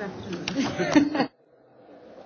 afternoon.